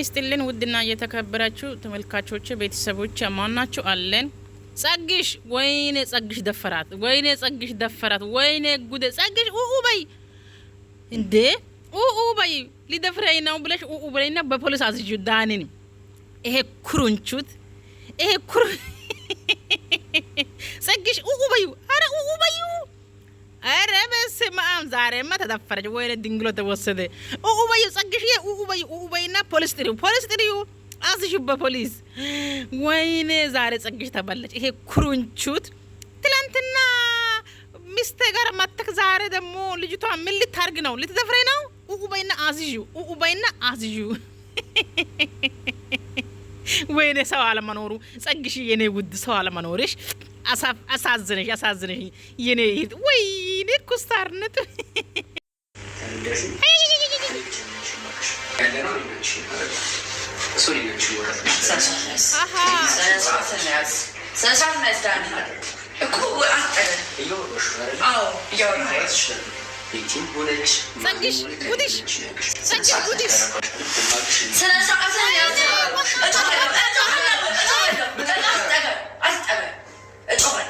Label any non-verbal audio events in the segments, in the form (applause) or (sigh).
ይስጥልን ውድና እየተከበራችሁ ተመልካቾች ቤተሰቦች ማናችሁ አለን። ጸግሽ ወይኔ ጸግሽ ደፈራት፣ ወይኔ ጸግሽ ደፈራት፣ ወይኔ ጉዴ ጸግሽ ኡኡ በይ እንዴ ኡኡ በይ ሊደፍረኝ ነው ብለሽ ኡኡ በይና በፖሊስ አስጁ ዳንን ይሄ ኩሩንቹት ይሄ ኩሩ (laughs) ጸግሽ ኡኡ በዩ አረ ኡኡ በዩ ኧረ በስመ አብ ዛሬማ ተጠፈረች። ወይኔ ድንግሎ ተወሰደ። ኡኡ በይ ጸግሽዬ፣ ኡኡ በይ ኡኡ በይና ፖሊስ ጥሪው፣ ፖሊስ ጥሪው፣ አስሽው በፖሊስ። ወይኔ ዛሬ ጸግሽ ተበለች። ይሄ ኩርንቹት ትላንትና ሚስቴ ጋር መተክ፣ ዛሬ ደግሞ ልጅቷ ምን ልታርግ ነው? ልትደፍረኝ ነው? ኡኡ በይና አስሽው፣ ኡኡ በይና አስሽው። ወይኔ ሰው አለመኖሩ ጸግሽ፣ የኔ ውድ ሰው አለመኖርሽ አሳዝነሽ፣ አሳዝነሽ የኔ ወይ inek kustarını Sen sen mesleğin. Kubu attı. Yok boşver. Al, yok. Sanki budiş. Sanki budiş. Sen sen sen yazın. Ötüm, ötüm, ötüm, ötüm, ötüm, ötüm, ötüm, ötüm, ötüm, ötüm, ötüm,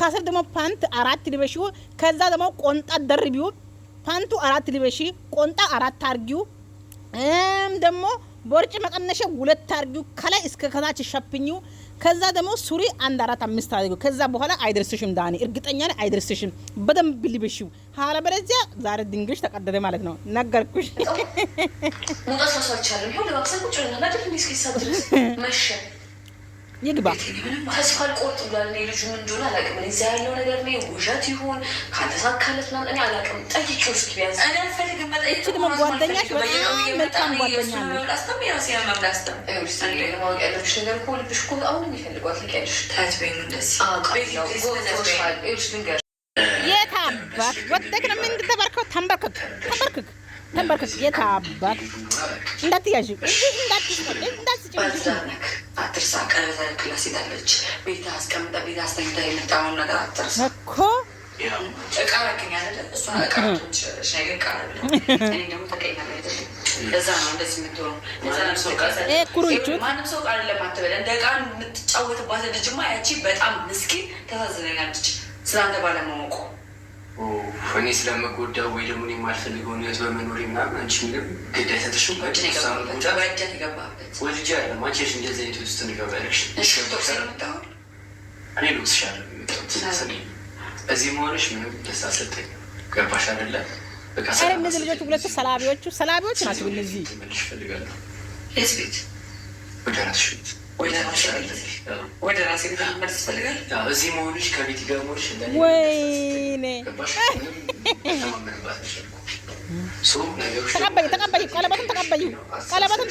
ከስር ደግሞ ፓንት አራት ልበሺው። ከዛ ደግሞ ቆንጣ ደርቢው። ፓንቱ አራት ልበሽ፣ ቆንጣ አራት አርጊው። ደግሞ ቦርጭ መቀነሸ ሁለት አርጊው። ከላይ እስከ ከታች ሸፍኝው። ከዛ ደግሞ ሱሪ አንድ አራት አምስት አድርጊው። ከዛ በኋላ አይደርስሽም ዳኒ፣ እርግጠኛ ነኝ አይደርስሽም። በደንብ ልበሺው። አለበለዚያ ዛሬ ድንግልሽ ተቀደደ ማለት ነው። ነገርኩሽ። ሰሰቻለሁ። ሁሉ ባክሰን ቁጭ ነው ድረስ መሸ ይግባ ምንም ተስፋ አልቆርጥም ብላ ልጁ ምን እንደሆነ አላውቅም። እዚያ ያለው ነገር ላይ ውሸት ይሁን ካልተሳካለት ምናምን እኔ አላውቅም። ጠይቂው እስኪ ቢያንስ እኔ አልፈልግም። መጠየቅ ደግሞ ጓደኛሽ በጣም መልካም ጓደኛ ነው። ላስተም የራሴ መምላስተም ሪስታን ላይ ማወቅ ያለብሽ ነገር እኮ ልብሽ እኮ አሁን የሚፈልጓት ልቀልሽ ታያት ደስ ቃልሽል ልሽ ልንገር የት አባት ወደክ ነው ምን ተበርከው ተንበርክክ ተንበርክክ ተንበርክክ የት አባት እንዳትያዥ እንዳት በዛነክ አትርሳ። ቀለበት አደረግላት ሴታለች ቤት አስቀምጠ ቤት አስተኝታ የምታሆን ነገር አትርሳ እኮ እቃ ረክኝ አለ እሷ እቃ ትችላለች። ነገር ቃ እኔ ደግሞ ተቀይና ለዛ ነው እንደዚህ የምትሆኑ። ማንም ሰው ቃል ለማትበለ እንደ እቃ የምትጫወትባት ልጅማ ያቺ በጣም ምስኪን ተሳዝነኛለች ስላንተ ባለማወቁ እኔ ስለመጎዳ ወይ ደግሞ የማልፈልገው ነት በመኖር ምናምን አንቺ ምንም ግድ አይሰጥሽም። እንደዚህ አይነት ውስጥ እዚህ ምንም ገባሽ እነዚህ ሁለቱ ሰላቢዎቹ ሰላቢዎች ናቸው። እነዚህ ፈልጋለሁ ቤት ወደ ቤት ወደ ራሴ መመለስ ይፈልጋል። እዚህ መሆንሽ ከቤት ጋር ወይኔ ተቀበዩ፣ ተቀበዩ፣ ቀለበቱን ተቀበዩ፣ ቀለበቱን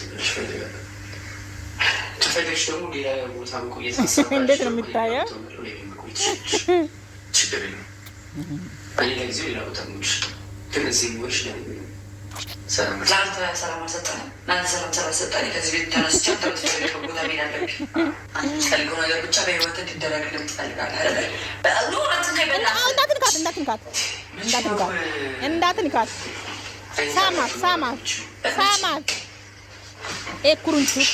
ተቀበዩ። (laughs) እንዴት ነው የሚታየው? ለአንተ ሰላም አልሰጠንም። ለአንተ ሰላም ስላልሰጠን ከዚህ ቤት ተነስቼ ቦታ መሄድ አለብኝ። አንተ የምትፈልገው ነገር ብቻ በህይወት እንዲደረግ ትፈልጋለህ እንዳትንካት፣ ሳማት፣ ሳማት፣ ሳማት። ኩርንችት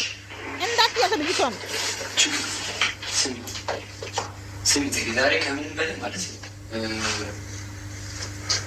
እንዳትያዘ ልጅቷን ስሚ። ዛሬ ከምንም በላይ ማለት ነው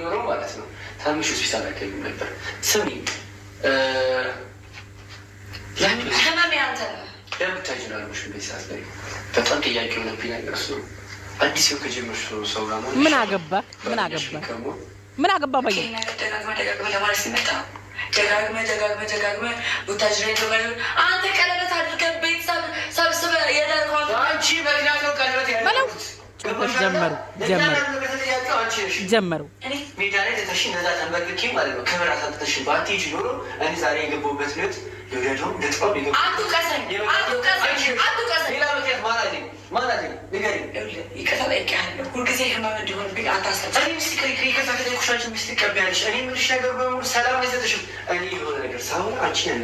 ኖረው ማለት ነው። ታምሽ ሆስፒታል አይገኙም ነበር። ስሚ በጣም ጥያቄ ሆነብኝ ነገር አዲስ ከጀመርሽ ሰው ምን አገባ ምን አገባ ምን አገባ በየ ደጋግመ ደጋግመ ለማለት ሲመጣ ደጋግመህ ቡታጅራ አንተ ቀለበት አድርገህ ቤት ሰብስበህ የዳር አንቺ በሌላ ቀለበት ያለ ፎቶች ጀመሩ ጀመሩ ጀመሩ ሜዳ ላይ ተተሽ እንደዛ ተንበርክኬ ማለት ነው። ክብር አሳጥተሽ ባትሄጂ ኖሮ እኔ ዛሬ የገባሁበት ህይወት የወደዱ ልጥቆም ማለት ነው ነው ሁልጊዜ ህመም እንዲሆን ግ እኔ ነገር በሙሉ ሰላም አይሰጥሽም። እኔ ነገር አንቺን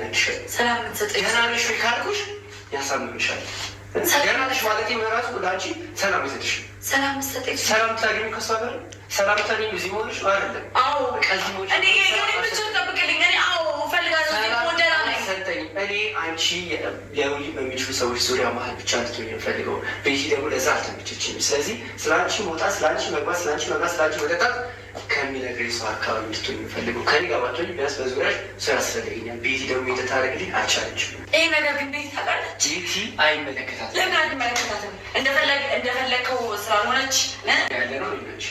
ሰላም ምትሰጠ ካልኩሽ ያሳምምሻል ገናሽ ማለት መራሱ ለአንቺ ሰላም ይሰጥሽ። ሰላም ሰጥሽ። ሰላም ታገኙ ከሷ ጋር ሰላም ታገኙ። እዚህ ሆንሽ አይደለም። አዎ ከዚህ ሆንሽ እኔ ብቻ ጠብቅልኝ። እኔ አዎ እፈልጋለሁ። እኔ አንቺ ሊያውኝ በሚችሉ ሰዎች ዙሪያ መሀል ብቻ እንድትሆኝ የምፈልገው ቤቲ ደግሞ ለዛ አልተመቸችም። ስለዚህ ስለ አንቺ መውጣት፣ ስለ አንቺ መግባት፣ ስለ አንቺ መግባት፣ ስለ አንቺ መጠጣት ከሚነግር ሰው አካባቢ ውስጥ የሚፈልገው ከኔ ጋር ባቶ ቢያንስ በዙሪያ ስራ ያስፈልገኛል። ቤቲ ደግሞ የተታረግልኝ አልቻለችም። ይህ ነገር ግን ቤቲ ታውቃለች። ቤቲ አይመለከታትም። ለምን አይመለከታትም? እንደፈለግከው ስላልሆነች ያለ ነው ሊሆነች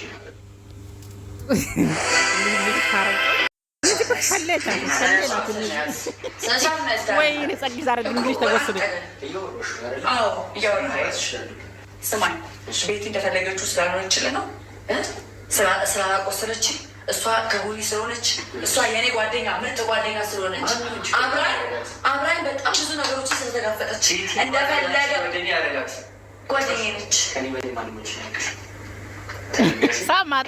ስማኝ ቤቲ እንደፈለገችው ስላልሆነችል ነው ስላላቆሰለች እሷ ከጉኒ ስለሆነች እሷ የእኔ ጓደኛ ምርጥ ጓደኛ ስለሆነች አብራኝ አብራኝ በጣም ብዙ ነገሮች ስለተጋፈጠች እንደፈለገ ጓደኛ ነች። ሳማት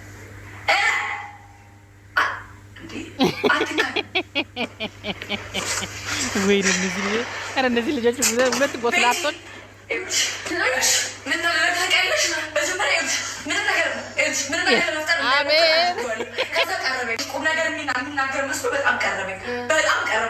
ወይኔ እነዚህ ልጆች ኧረ እነዚህ ልጆች ሁለት ጎስላቶች በጣም ቀረበኝ።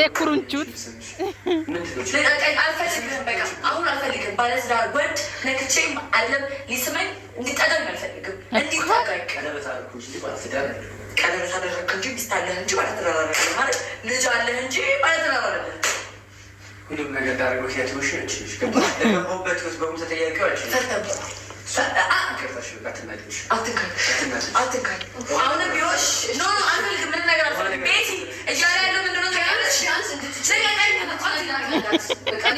የኩርንቹት አልፈልግም፣ በቃ አሁን አልፈልግም። ወንድ ነክቼም አለም ሊስመኝ እንዲጠገም አልፈልግም። ቀለበት እንጂ ሚስት አለህ እንጂ ባለትዳር ማለት ልጅ አለህ እንጂ ባለትዳር አለ ሁሉም ነገር ዳርጎ ውስጥ አሁንም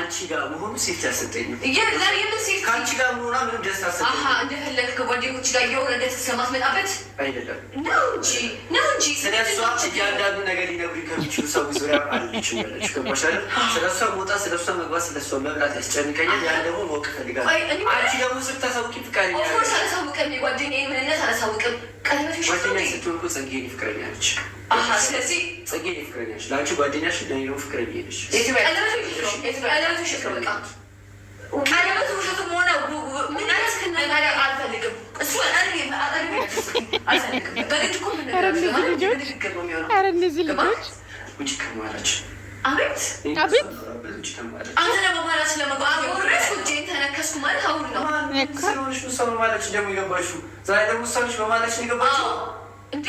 አንቺ ጋር መሆኑ ሴት አሰጠኝ። ከአንቺ ጋር መሆኗ ምንም ደስታ ሰጠኝ። ከጓደኞች ጋር የሆነ ደስ ስለማትመጣበት አይደለም ነው እያንዳንዱ ነገር ሊነግሩ ከሚችሉ ሰው ዙሪያ አለች ስለሷ መውጣ ስለሷ መግባት፣ ስለሷ መብላት ያስጨንቀኛል። ያን ደግሞ ማወቅ እፈልጋለሁ። አንቺ ደግሞ ስታሳውቂ ፍቃደኛ አላሳውቅም። ምንነት አላሳውቅም። ጓደኛ ስለዚህ ጽጌ ፍቅረኛ ነሽ። ለአንቺ ጓደኛ ነሽ፣ ለኔ ደግሞ ፍቅረኛ ነሽ። ቀለበቱ ሽክር በቃ ቀለበቱ ውሸትም ሆነ ምን አልፈልግም። እሱ ኧረ እነዚህ ልጆች ውጭ ከማላች አቤት አቤት አንተ ለመማላት ስለመጓረስ ውጭን ተነከስኩ ማለት አሁን ነው ስለሆነሽ ውሳ በማለች ደግሞ የገባሽው ዛሬ ደግሞ ውሳነች በማለች የገባችው እንዴ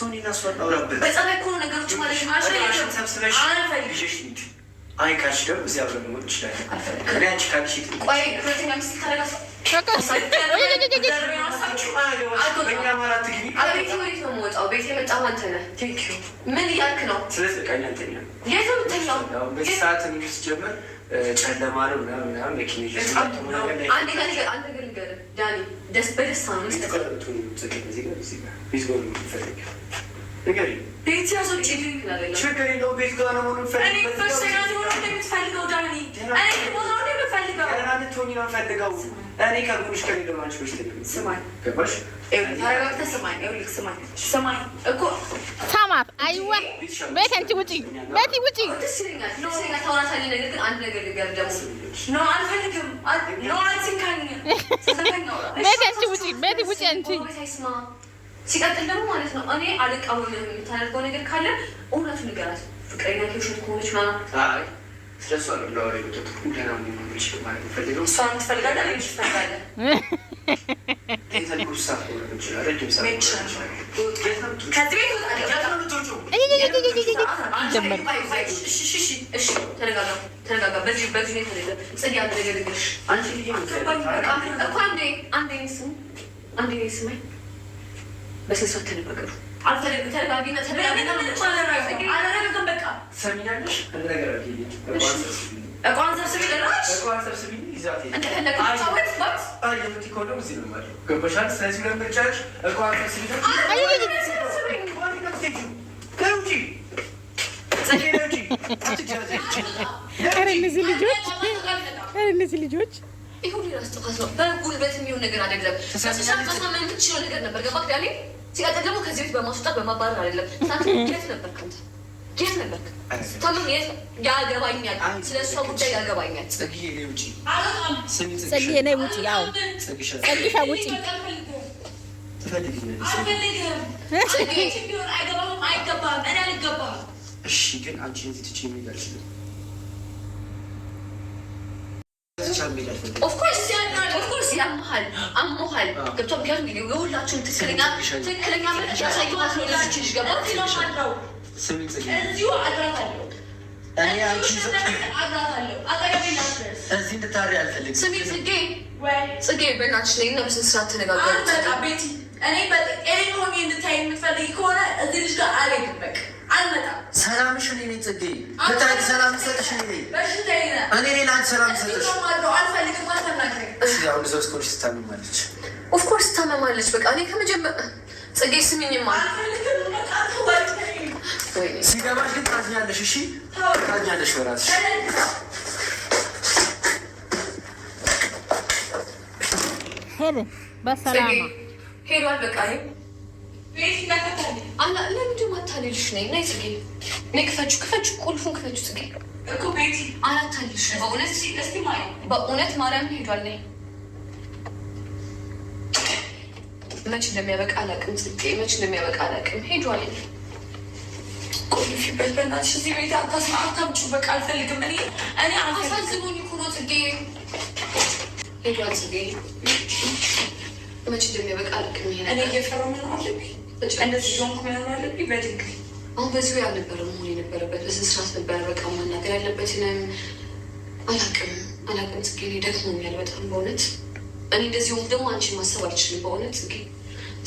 ሰውን በጸባይ ከሆኑ ነገሮች ማለት ነው። አይ ካልሽ ደግሞ እዚህ አብረን መሆን እንችላለን። እኔ አንቺ ካልሽ ቆይ ሁለተኛ ሚስት ታደርጋለህ። ቤት ነው? ሰዓት ጨለማ ነው። ልንገርህ ዳኒ፣ በደስታ ነው ችግር የለውም። ቤት ጋር ነው የምትፈልገው። ደህና አይዋ ቤት አንቺ ውጪ፣ ቤቲ ውጪ። ቤት አንቺ ውጪ፣ ቤቲ ውጪ አንቺ ሲቀጥል ደግሞ ማለት ነው እኔ አልቃወምም። የምታደርገው ነገር ካለ እውነቱ ንገራት። ፍቅረኛ ኬሽን ከሆነች ማለት በስንት ተደበቀሉ እነዚህ ልጆች እነዚህ ልጆች ይሁን ራስ ጥፋት ነው። በጉልበት የሚሆን ነገር ነገር ነበር ሲቀጥል ደግሞ ከዚህ ቤት በማስወጣት በማባረር አይደለም። ሳት የት ነበርክ አንተ? የት ነበርክ? ተምር የት ያገባኛል፣ ስለ እሷ ጉዳይ ያገባኛል። ውጪ፣ ጸግሻ ውጪ። እሺ ያመሃል አሞሃል ገብቶ ምክንያቱም የሁላችሁም ትክክለኛ ትክክለኛ ያሳየኋት ነው። አልመጣም። ሰላምሽን እኔ ጽጌ በታይ ሰላም ሰጥሽ እኔ እኔ ሌላ ሰላም ሰጥሽ እሺ። አሁን ሰው ስኮሽ ትታመማለች፣ ኦፍኮርስ ትታመማለች። በቃ እኔ ከመጀመር ጽጌ ስሚኝማ ሲገባሽ ግን ታዝኛለሽ። እሺ ታዝኛለሽ በራስሽ ሄደን በሰላም ሄዷል። በቃ ለምንድን በእውነት ማርያም ሄዷል። ነይ መች እንደሚያበቃ አላውቅም። ፅጌ መች እንደሚያበቃ አላውቅም። ሄዷል። ቁልፊበት በእናትሽ። እዚህ ቤት አታስማ፣ አታምጪው። በቃ አልፈልግም። እኔ እኔ አሳዝኖኝ እኮ ነው ፅጌ። ሄዷል ፅጌ መቼ እንደሚያበቃ ልክ ሚሄ እኔ እየፈራ ምን አለብኝ እንደዚህ ሆንኩ ምን አለብኝ በድንግል አሁን በዚሁ ያልነበረ መሆን የነበረበት በስነ ነበረ። በቃ መናገር ያለበትንም አላቅም አላቅም። ጽጌ ደክሞኛል በጣም በእውነት እኔ እንደዚህ ሆንኩ ደግሞ አንቺን ማሰብ አልችልም በእውነት ጽጌ።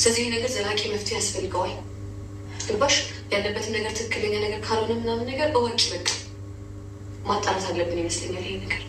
ስለዚህ ነገር ዘላቂ መፍትሄ ያስፈልገዋል። ግባሽ ያለበትን ነገር ትክክለኛ ነገር ካልሆነ ምናምን ነገር እወቂ። በቃ ማጣራት አለብን ይመስለኛል ይሄ ነገር